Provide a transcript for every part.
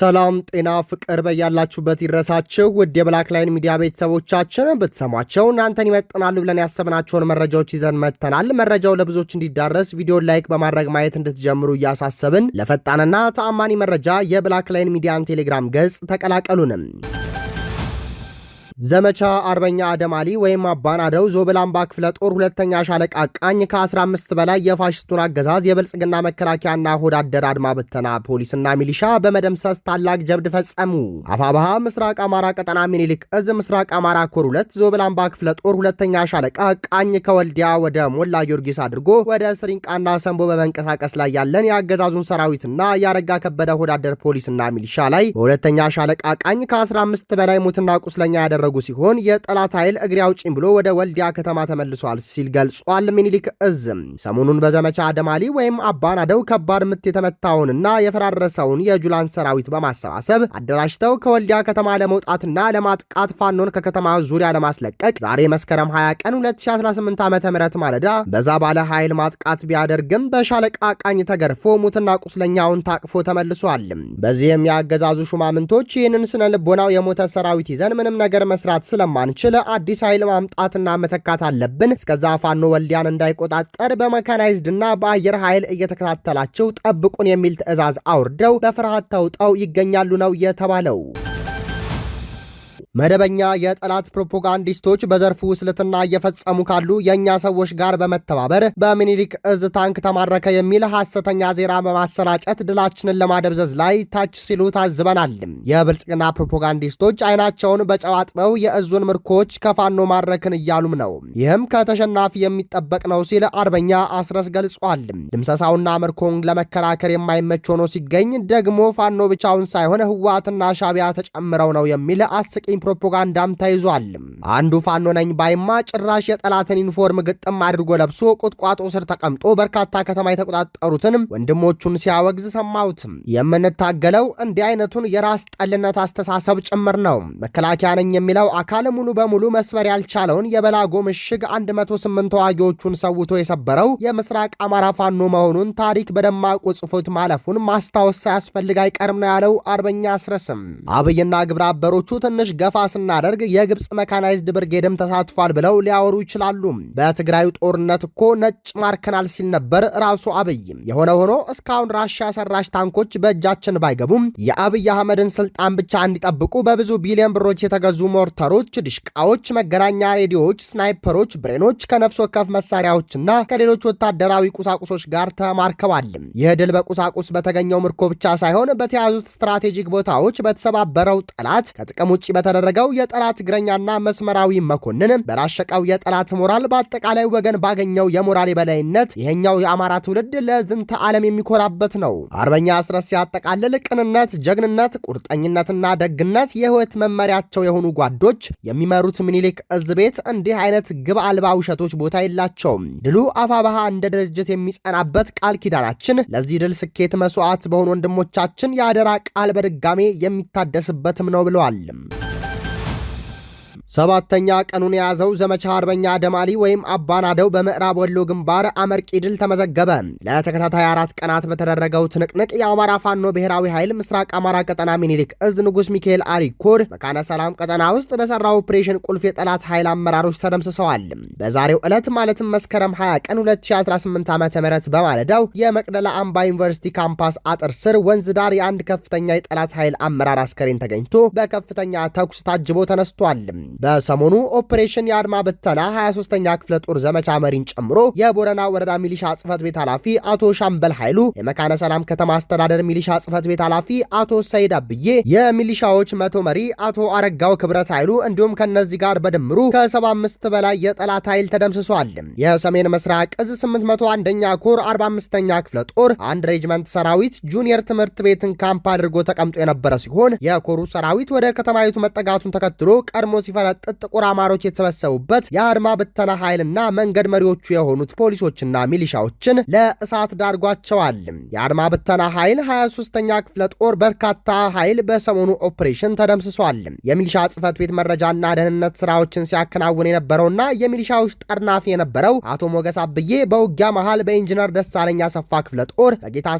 ሰላም ጤና ፍቅር በያላችሁበት ይድረሳችሁ። ውድ የብላክ ላይን ሚዲያ ቤተሰቦቻችን ብትሰሟቸው እናንተን ይመጥናሉ ብለን ያሰብናቸውን መረጃዎች ይዘን መጥተናል። መረጃው ለብዙዎች እንዲዳረስ ቪዲዮን ላይክ በማድረግ ማየት እንድትጀምሩ እያሳሰብን ለፈጣንና ተአማኒ መረጃ የብላክ ላይን ሚዲያን ቴሌግራም ገጽ ተቀላቀሉንም። ዘመቻ አርበኛ አደም አሊ ወይም አባናደው ዞብላምባ ክፍለ ጦር ሁለተኛ ሻለቃ ቃኝ ከ15 በላይ የፋሽስቱን አገዛዝ የብልጽግና መከላከያና ሆድ አደር አድማ በተና ፖሊስና ሚሊሻ በመደምሰስ ታላቅ ጀብድ ፈጸሙ። አፋባሃ ምስራቅ አማራ ቀጠና ሚኒሊክ እዝ ምስራቅ አማራ ኮር ሁለት ዞብላምባ ክፍለ ጦር ሁለተኛ ሻለቃ ቃኝ ከወልዲያ ወደ ሞላ ጊዮርጊስ አድርጎ ወደ ስሪንቃና ሰንቦ በመንቀሳቀስ ላይ ያለን የአገዛዙን ሰራዊትና ያረጋ ከበደ ሆድ አደር ፖሊስና ሚሊሻ ላይ በሁለተኛ ሻለቃ ቃኝ ከ15 በላይ ሞትና ቁስለኛ ያደረ ያደረጉ ሲሆን የጠላት ኃይል እግሬ አውጪኝ ብሎ ወደ ወልዲያ ከተማ ተመልሷል ሲል ገልጿል። ሚኒሊክ እዝ ሰሞኑን በዘመቻ አደማሊ ወይም አባናደው ከባድ ምት የተመታውንና የፈራረሰውን የጁላን ሰራዊት በማሰባሰብ አደራጅተው ከወልዲያ ከተማ ለመውጣትና ለማጥቃት ፋኖን ከከተማ ዙሪያ ለማስለቀቅ ዛሬ መስከረም 20 ቀን 2018 ዓ ም ማለዳ በዛ ባለ ኃይል ማጥቃት ቢያደርግም በሻለቃ ቃኝ ተገርፎ ሙትና ቁስለኛውን ታቅፎ ተመልሷል። በዚህም የአገዛዙ ሹማምንቶች ይህንን ስነ ልቦናው የሞተ ሰራዊት ይዘን ምንም ነገር መስራት ስለማንችል አዲስ ኃይል ማምጣትና መተካት አለብን። እስከዛ ፋኖ ወልዲያን እንዳይቆጣጠር በመካናይዝድና በአየር ኃይል እየተከታተላቸው ጠብቁን የሚል ትዕዛዝ አውርደው በፍርሃት ተውጠው ይገኛሉ ነው የተባለው። መደበኛ የጠላት ፕሮፓጋንዲስቶች በዘርፉ ውስልትና እየፈጸሙ ካሉ የእኛ ሰዎች ጋር በመተባበር በሚኒሊክ እዝ ታንክ ተማረከ የሚል ሐሰተኛ ዜና በማሰራጨት ድላችንን ለማደብዘዝ ላይ ታች ሲሉ ታዝበናል። የብልጽግና ፕሮፓጋንዲስቶች አይናቸውን በጨዋጥበው የእዙን ምርኮች ከፋኖ ማድረክን እያሉም ነው። ይህም ከተሸናፊ የሚጠበቅ ነው ሲል አርበኛ አስረስ ገልጿል። ድምሰሳውና ምርኮን ለመከራከር የማይመች ሆኖ ሲገኝ ደግሞ ፋኖ ብቻውን ሳይሆን ህወሓትና ሻቢያ ተጨምረው ነው የሚል አስቂኝ ፕሮፓጋንዳም ተይዟል። አንዱ ፋኖ ነኝ ባይማ ጭራሽ የጠላትን ዩኒፎርም ግጥም አድርጎ ለብሶ ቁጥቋጦ ስር ተቀምጦ በርካታ ከተማ የተቆጣጠሩትን ወንድሞቹን ሲያወግዝ ሰማሁት። የምንታገለው እንዲህ አይነቱን የራስ ጠልነት አስተሳሰብ ጭምር ነው። መከላከያ ነኝ የሚለው አካል ሙሉ በሙሉ መስበር ያልቻለውን የበላጎ ምሽግ 108 ተዋጊዎቹን ሰውቶ የሰበረው የምስራቅ አማራ ፋኖ መሆኑን ታሪክ በደማቁ ጽፎት ማለፉን ማስታወስ ሳያስፈልግ አይቀርም ነው ያለው አርበኛ አስረስም። አብይና ግብረ አበሮቹ ትንሽ ገፋ ስናደርግ የግብፅ መካናይዝድ ብርጌድም ተሳትፏል ብለው ሊያወሩ ይችላሉ። በትግራዩ ጦርነት እኮ ነጭ ማርከናል ሲል ነበር ራሱ አብይ። የሆነ ሆኖ እስካሁን ራሽያ ሰራሽ ታንኮች በእጃችን ባይገቡም የአብይ አህመድን ስልጣን ብቻ እንዲጠብቁ በብዙ ቢሊዮን ብሮች የተገዙ ሞርተሮች፣ ድሽቃዎች፣ መገናኛ ሬዲዮዎች፣ ስናይፐሮች፣ ብሬኖች ከነፍስ ወከፍ መሳሪያዎችና ከሌሎች ወታደራዊ ቁሳቁሶች ጋር ተማርከዋል። ይህ ድል በቁሳቁስ በተገኘው ምርኮ ብቻ ሳይሆን በተያዙት ስትራቴጂክ ቦታዎች በተሰባበረው ጠላት ከጥቅም ውጭ በተደ ያደረገው የጠላት እግረኛና መስመራዊ መኮንን በላሸቀው የጠላት ሞራል በአጠቃላይ ወገን ባገኘው የሞራል የበላይነት ይሄኛው የአማራ ትውልድ ለዝንተ ዓለም የሚኮራበት ነው። አርበኛ አስረስ ሲያጠቃልል ቅንነት፣ ጀግንነት፣ ቁርጠኝነትና ደግነት የህይወት መመሪያቸው የሆኑ ጓዶች የሚመሩት ምኒልክ እዝ ቤት እንዲህ አይነት ግብ አልባ ውሸቶች ቦታ የላቸውም። ድሉ አፋባሃ እንደ ድርጅት የሚጸናበት ቃል ኪዳናችን ለዚህ ድል ስኬት መስዋዕት በሆኑ ወንድሞቻችን የአደራ ቃል በድጋሜ የሚታደስበትም ነው ብለዋል። ሰባተኛ ቀኑን የያዘው ዘመቻ አርበኛ አደማሊ ወይም አባናደው በምዕራብ ወሎ ግንባር አመርቂ ድል ተመዘገበ። ለተከታታይ አራት ቀናት በተደረገው ትንቅንቅ የአማራ ፋኖ ብሔራዊ ኃይል ምስራቅ አማራ ቀጠና ሚኒሊክ እዝ ንጉስ ሚካኤል አሪኮር መካነ ሰላም ቀጠና ውስጥ በሰራው ኦፕሬሽን ቁልፍ የጠላት ኃይል አመራሮች ተደምስሰዋል። በዛሬው ዕለት ማለትም መስከረም 20 ቀን 2018 ዓ ም በማለዳው የመቅደላ አምባ ዩኒቨርሲቲ ካምፓስ አጥር ስር ወንዝ ዳር የአንድ ከፍተኛ የጠላት ኃይል አመራር አስከሬን ተገኝቶ በከፍተኛ ተኩስ ታጅቦ ተነስቷል። በሰሞኑ ኦፕሬሽን የአድማ ብተና 23ኛ ክፍለ ጦር ዘመቻ መሪን ጨምሮ የቦረና ወረዳ ሚሊሻ ጽፈት ቤት ኃላፊ አቶ ሻምበል ኃይሉ፣ የመካነ ሰላም ከተማ አስተዳደር ሚሊሻ ጽህፈት ቤት ኃላፊ አቶ ሰይድ አብዬ፣ የሚሊሻዎች መቶ መሪ አቶ አረጋው ክብረት ኃይሉ እንዲሁም ከነዚህ ጋር በድምሩ ከ75 በላይ የጠላት ኃይል ተደምስሷል። የሰሜን ምስራቅ እዝ 801ኛ ኮር 45ኛ ክፍለ ጦር አንድ ሬጅመንት ሰራዊት ጁኒየር ትምህርት ቤትን ካምፕ አድርጎ ተቀምጦ የነበረ ሲሆን የኮሩ ሰራዊት ወደ ከተማይቱ መጠጋቱን ተከትሎ ቀድሞ ሲፈ የተሰነጠጥ ጥቁር አማሮች የተሰበሰቡበት የአድማ ብተና ኃይልና መንገድ መሪዎቹ የሆኑት ፖሊሶችና ሚሊሻዎችን ለእሳት ዳርጓቸዋል። የአድማ ብተና ኃይል 23ኛ ክፍለ ጦር በርካታ ኃይል በሰሞኑ ኦፕሬሽን ተደምስሷል። የሚሊሻ ጽህፈት ቤት መረጃና ደህንነት ስራዎችን ሲያከናውን የነበረውና የሚሊሻዎች ጠርናፊ የነበረው አቶ ሞገስ አብዬ በውጊያ መሃል በኢንጂነር ደሳለኝ አሰፋ ክፍለ ጦር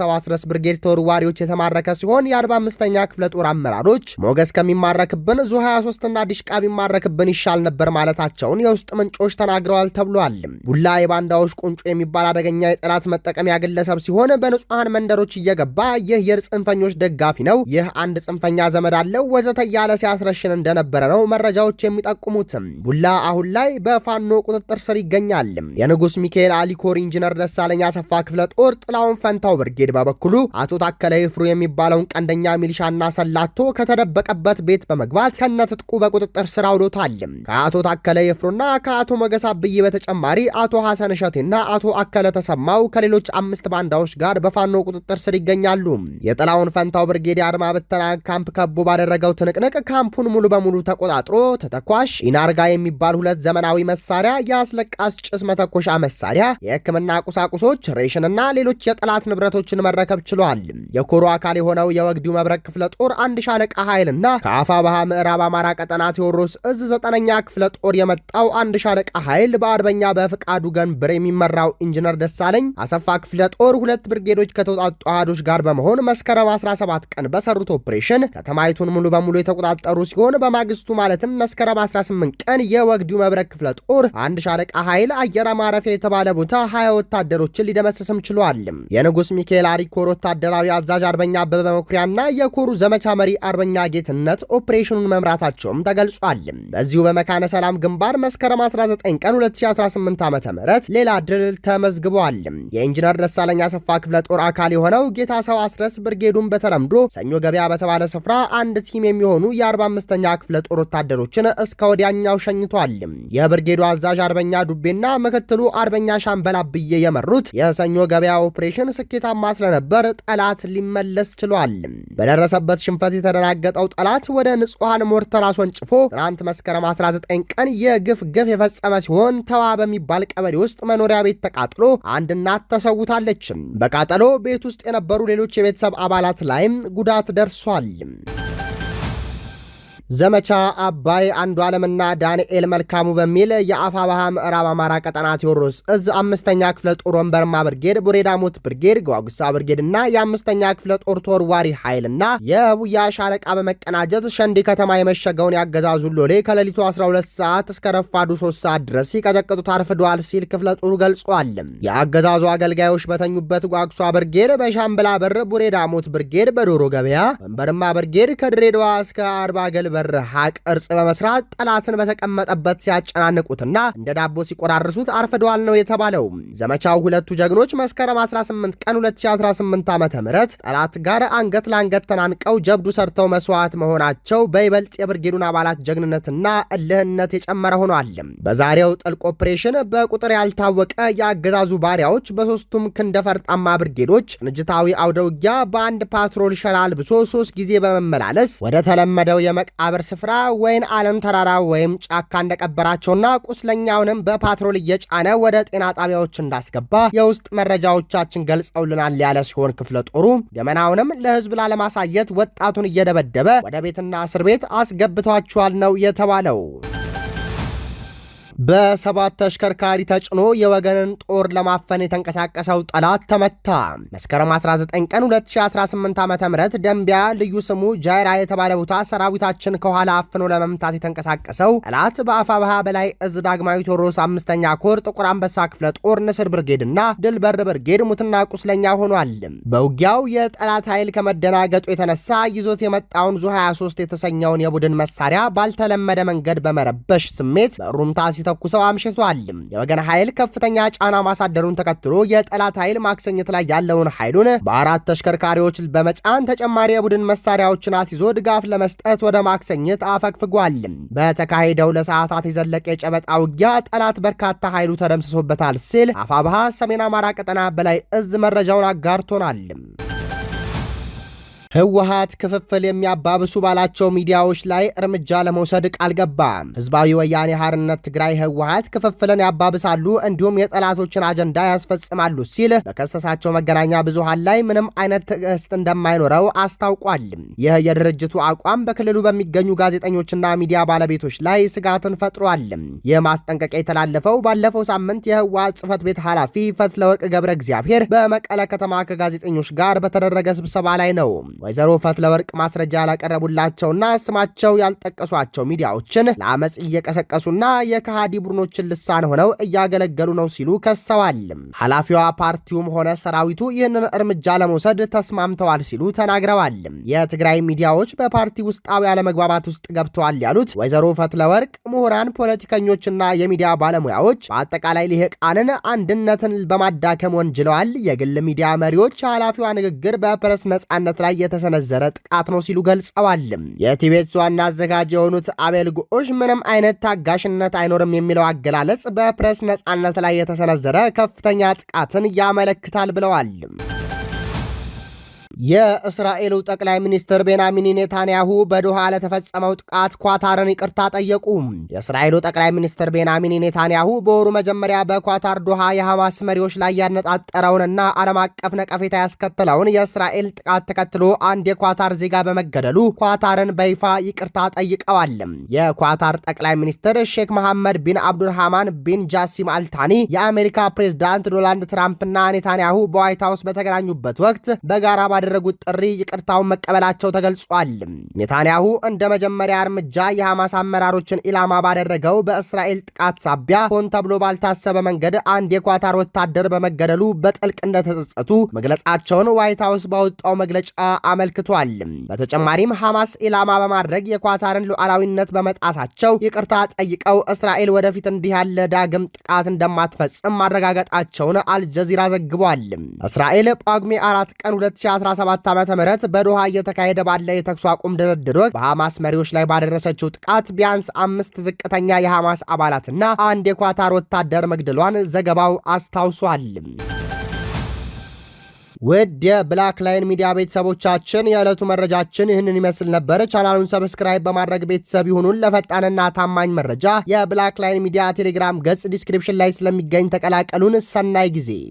ሰው አስረስ ብርጌድ ተወርዋሪዎች የተማረከ ሲሆን የ45ኛ ክፍለ ጦር አመራሮች ሞገስ ከሚማረክብን ዙ 23ና ዲሽቃ ቢማረ ቢማረክብን ይሻል ነበር ማለታቸውን የውስጥ ምንጮች ተናግረዋል ተብሏል። ቡላ የባንዳዎች ቁንጮ የሚባል አደገኛ የጠላት መጠቀሚያ ግለሰብ ሲሆን በንጹሐን መንደሮች እየገባ ይህ የጽንፈኞች ደጋፊ ነው፣ ይህ አንድ ጽንፈኛ ዘመድ አለው ወዘተ እያለ ሲያስረሽን እንደነበረ ነው መረጃዎች የሚጠቁሙት። ቡላ አሁን ላይ በፋኖ ቁጥጥር ስር ይገኛል። የንጉስ ሚካኤል አሊኮር ኢንጂነር ደሳለኝ አሰፋ ክፍለ ጦር ጥላውን ፈንታው ብርጌድ በበኩሉ አቶ ታከለ ይፍሩ የሚባለውን ቀንደኛ ሚሊሻና ሰላቶ ከተደበቀበት ቤት በመግባት ከነትጥቁ በቁጥጥር ስር አውሎ ብሎታል። ከአቶ ታከለ የፍሮና ከአቶ መገሳ ብይ በተጨማሪ አቶ ሐሰን እሸቴና አቶ አከለ ተሰማው ከሌሎች አምስት ባንዳዎች ጋር በፋኖ ቁጥጥር ስር ይገኛሉ። የጥላውን ፈንታው ብርጌድ አድማ በተና ካምፕ ከቦ ባደረገው ትንቅንቅ ካምፑን ሙሉ በሙሉ ተቆጣጥሮ ተተኳሽ ኢናርጋ የሚባል ሁለት ዘመናዊ መሳሪያ፣ የአስለቃስ ጭስ መተኮሻ መሳሪያ፣ የህክምና ቁሳቁሶች፣ ሬሽንና ሌሎች የጠላት ንብረቶችን መረከብ ችሏል። የኮሮ አካል የሆነው የወግዲው መብረቅ ክፍለ ጦር አንድ ሻለቃ ኃይልና ከአፋ ባህ ምዕራብ አማራ ቀጠና ቴዎድሮስ እዝ ዘጠነኛ ክፍለ ጦር የመጣው አንድ ሻለቃ ኃይል በአርበኛ በፍቃዱ ገንብር የሚመራው ኢንጂነር ደሳለኝ አሰፋ ክፍለ ጦር ሁለት ብርጌዶች ከተውጣጡ አሃዶች ጋር በመሆን መስከረም 17 ቀን በሰሩት ኦፕሬሽን ከተማይቱን ሙሉ በሙሉ የተቆጣጠሩ ሲሆን በማግስቱ ማለትም መስከረም 18 ቀን የወግዲው መብረቅ ክፍለ ጦር አንድ ሻለቃ ኃይል አየር ማረፊያ የተባለ ቦታ ሀያ ወታደሮችን ሊደመስስም ችሏል። የንጉስ ሚካኤል አሪኮር ወታደራዊ አዛዥ አርበኛ አበበ መኩሪያና የኮሩ ዘመቻ መሪ አርበኛ ጌትነት ኦፕሬሽኑን መምራታቸውም ተገልጿል። በዚሁ በመካነ ሰላም ግንባር መስከረም 19 ቀን 2018 ዓ ም ሌላ ድል ተመዝግቧል። የኢንጂነር ደሳለኝ አሰፋ ክፍለ ጦር አካል የሆነው ጌታ ሰው አስረስ ብርጌዱን በተለምዶ ሰኞ ገበያ በተባለ ስፍራ አንድ ቲም የሚሆኑ የ45ኛ ክፍለ ጦር ወታደሮችን እስከ ወዲያኛው ሸኝቷል። የብርጌዱ አዛዥ አርበኛ ዱቤና ምክትሉ አርበኛ ሻምበላ ብዬ የመሩት የሰኞ ገበያ ኦፕሬሽን ስኬታማ ስለነበር ጠላት ሊመለስ ችሏል። በደረሰበት ሽንፈት የተደናገጠው ጠላት ወደ ንጹሐን ሞርተር አስወንጭፎ ትናንት መስከረም 19 ቀን የግፍ ግፍ የፈጸመ ሲሆን ተዋ በሚባል ቀበሌ ውስጥ መኖሪያ ቤት ተቃጥሎ አንድ እናት ተሰውታለች። በቃጠሎ ቤት ውስጥ የነበሩ ሌሎች የቤተሰብ አባላት ላይም ጉዳት ደርሷል። ዘመቻ አባይ አንዱ ዓለምና ዳንኤል መልካሙ በሚል የአፋባሃ ምዕራብ አማራ ቀጠና ቴዎድሮስ እዝ አምስተኛ ክፍለ ጦር ወንበርማ ብርጌድ፣ ቡሬዳሞት ብርጌድ፣ ጓጉሳ ብርጌድ እና የአምስተኛ ክፍለ ጦር ተወርዋሪ ኃይልና የቡያ ሻለቃ በመቀናጀት ሸንዲ ከተማ የመሸገውን ያገዛዙ ሎሌ ከሌሊቱ 12 ሰዓት እስከ ረፋዱ 3 ሰዓት ድረስ ሲቀጠቅጡት አርፍደዋል ሲል ክፍለ ጦሩ ገልጿል። የአገዛዙ አገልጋዮች በተኙበት ጓጉሷ ብርጌድ በሻምብላ በር፣ ቡሬዳሞት ብርጌድ በዶሮ ገበያ፣ ወንበርማ ብርጌድ ከድሬዳዋ እስከ አርባ ገልበ በመርሃ ቅርጽ በመስራት ጠላትን በተቀመጠበት ሲያጨናንቁትና እንደ ዳቦ ሲቆራርሱት አርፈደዋል ነው የተባለው። ዘመቻው ሁለቱ ጀግኖች መስከረም 18 ቀን 2018 ዓ ም ጠላት ጋር አንገት ለአንገት ተናንቀው ጀብዱ ሰርተው መስዋዕት መሆናቸው በይበልጥ የብርጌዱን አባላት ጀግንነትና እልህነት የጨመረ ሆኗል። በዛሬው ጥልቅ ኦፕሬሽን በቁጥር ያልታወቀ የአገዛዙ ባሪያዎች በሶስቱም ክንደፈርጣማ ብርጌዶች ቅንጅታዊ አውደውጊያ በአንድ ፓትሮል ሸራ አልብሶ ሶስት ጊዜ በመመላለስ ወደ ተለመደው የመቃ መቃብር ስፍራ ወይን አለም ተራራ ወይም ጫካ እንደቀበራቸውና ቁስለኛውንም በፓትሮል እየጫነ ወደ ጤና ጣቢያዎች እንዳስገባ የውስጥ መረጃዎቻችን ገልጸውልናል ያለ ሲሆን ክፍለ ጦሩ ገመናውንም ለህዝብ ላለማሳየት ወጣቱን እየደበደበ ወደ ቤትና እስር ቤት አስገብቷቸዋል ነው የተባለው። በሰባት ተሽከርካሪ ተጭኖ የወገንን ጦር ለማፈን የተንቀሳቀሰው ጠላት ተመታ። መስከረም 19 ቀን 2018 ዓ ም ደንቢያ ልዩ ስሙ ጃይራ የተባለ ቦታ ሰራዊታችን ከኋላ አፍኖ ለመምታት የተንቀሳቀሰው ጠላት በአፋብሃ በላይ እዝ ዳግማዊ ቴዎድሮስ አምስተኛ ኮር ጥቁር አንበሳ ክፍለ ጦር ንስር ብርጌድና ድልበር ብርጌድ ሙትና ቁስለኛ ሆኗል። በውጊያው የጠላት ኃይል ከመደናገጡ የተነሳ ይዞት የመጣውን ዙ 23 የተሰኘውን የቡድን መሳሪያ ባልተለመደ መንገድ በመረበሽ ስሜት በሩምታ ሲተ ተኩሰው አምሽቷል። የወገን ኃይል ከፍተኛ ጫና ማሳደሩን ተከትሎ የጠላት ኃይል ማክሰኝት ላይ ያለውን ኃይሉን በአራት ተሽከርካሪዎች በመጫን ተጨማሪ የቡድን መሳሪያዎችን አስይዞ ድጋፍ ለመስጠት ወደ ማክሰኝት አፈግፍጓል። በተካሄደው ለሰዓታት የዘለቀ የጨበጣ ውጊያ ጠላት በርካታ ኃይሉ ተደምስሶበታል ሲል አፋብሃ ሰሜን አማራ ቀጠና በላይ እዝ መረጃውን አጋርቶናል። ህወሀት ክፍፍል የሚያባብሱ ባላቸው ሚዲያዎች ላይ እርምጃ ለመውሰድ ቃል ገባ። ህዝባዊ ወያኔ ሀርነት ትግራይ ህወሀት ክፍፍልን ያባብሳሉ እንዲሁም የጠላቶችን አጀንዳ ያስፈጽማሉ ሲል በከሰሳቸው መገናኛ ብዙሃን ላይ ምንም አይነት ትዕግስት እንደማይኖረው አስታውቋል። ይህ የድርጅቱ አቋም በክልሉ በሚገኙ ጋዜጠኞችና ሚዲያ ባለቤቶች ላይ ስጋትን ፈጥሯል። ይህ ማስጠንቀቂያ የተላለፈው ባለፈው ሳምንት የህወሀት ጽህፈት ቤት ኃላፊ ፈትለወርቅ ገብረ እግዚአብሔር በመቀለ ከተማ ከጋዜጠኞች ጋር በተደረገ ስብሰባ ላይ ነው። ወይዘሮ ፈትለወርቅ ማስረጃ ያላቀረቡላቸውና ስማቸው ያልጠቀሷቸው ሚዲያዎችን ለአመፅ እየቀሰቀሱና የከሃዲ ቡድኖችን ልሳን ሆነው እያገለገሉ ነው ሲሉ ከሰዋል። ኃላፊዋ ፓርቲውም ሆነ ሰራዊቱ ይህንን እርምጃ ለመውሰድ ተስማምተዋል ሲሉ ተናግረዋል። የትግራይ ሚዲያዎች በፓርቲ ውስጣዊ አለመግባባት ውስጥ ገብተዋል ያሉት ወይዘሮ ፈትለወርቅ ምሁራን፣ ፖለቲከኞችና የሚዲያ ባለሙያዎች በአጠቃላይ ልሂቃንን አንድነትን በማዳከም ወንጅለዋል። የግል ሚዲያ መሪዎች የኃላፊዋ ንግግር በፕረስ ነጻነት ላይ የተሰነዘረ ጥቃት ነው ሲሉ ገልጸዋል። የቲቤትስ ዋና አዘጋጅ የሆኑት አቤል ጉዑሽ ምንም አይነት ታጋሽነት አይኖርም የሚለው አገላለጽ በፕሬስ ነጻነት ላይ የተሰነዘረ ከፍተኛ ጥቃትን ያመለክታል ብለዋል። የእስራኤሉ ጠቅላይ ሚኒስትር ቤንያሚን ኔታንያሁ በዶሃ ለተፈጸመው ጥቃት ኳታርን ይቅርታ ጠየቁ። የእስራኤሉ ጠቅላይ ሚኒስትር ቤንያሚን ኔታንያሁ በወሩ መጀመሪያ በኳታር ዶሃ የሐማስ መሪዎች ላይ ያነጣጠረውንና ዓለም አቀፍ ነቀፌታ ያስከተለውን የእስራኤል ጥቃት ተከትሎ አንድ የኳታር ዜጋ በመገደሉ ኳታርን በይፋ ይቅርታ ጠይቀዋል። የኳታር ጠቅላይ ሚኒስትር ሼክ መሐመድ ቢን አብዱርሃማን ቢን ጃሲም አልታኒ የአሜሪካ ፕሬዝዳንት ዶናልድ ትራምፕና ኔታንያሁ በዋይት ሀውስ በተገናኙበት ወቅት በጋራ ባደረጉት ጥሪ ይቅርታውን መቀበላቸው ተገልጿል። ኔታንያሁ እንደ መጀመሪያ እርምጃ የሐማስ አመራሮችን ኢላማ ባደረገው በእስራኤል ጥቃት ሳቢያ ሆን ተብሎ ባልታሰበ መንገድ አንድ የኳታር ወታደር በመገደሉ በጥልቅ እንደተጸጸቱ መግለጻቸውን ዋይት ሀውስ ባወጣው መግለጫ አመልክቷል። በተጨማሪም ሐማስ ኢላማ በማድረግ የኳታርን ሉዓላዊነት በመጣሳቸው ይቅርታ ጠይቀው እስራኤል ወደፊት እንዲህ ያለ ዳግም ጥቃት እንደማትፈጽም ማረጋገጣቸውን አልጀዚራ ዘግቧል። እስራኤል ጳጉሜ አራት ቀን 2013 2017 ዓ ም በዶሃ እየተካሄደ ባለ የተኩስ አቁም ድርድር ወቅት በሐማስ መሪዎች ላይ ባደረሰችው ጥቃት ቢያንስ አምስት ዝቅተኛ የሐማስ አባላትና አንድ የኳታር ወታደር መግደሏን ዘገባው አስታውሷል። ውድ የብላክ ላይን ሚዲያ ቤተሰቦቻችን የዕለቱ መረጃችን ይህንን ይመስል ነበር። ቻናሉን ሰብስክራይብ በማድረግ ቤተሰብ ይሁኑን። ለፈጣንና ታማኝ መረጃ የብላክ ላይን ሚዲያ ቴሌግራም ገጽ ዲስክሪፕሽን ላይ ስለሚገኝ ተቀላቀሉን። ሰናይ ጊዜ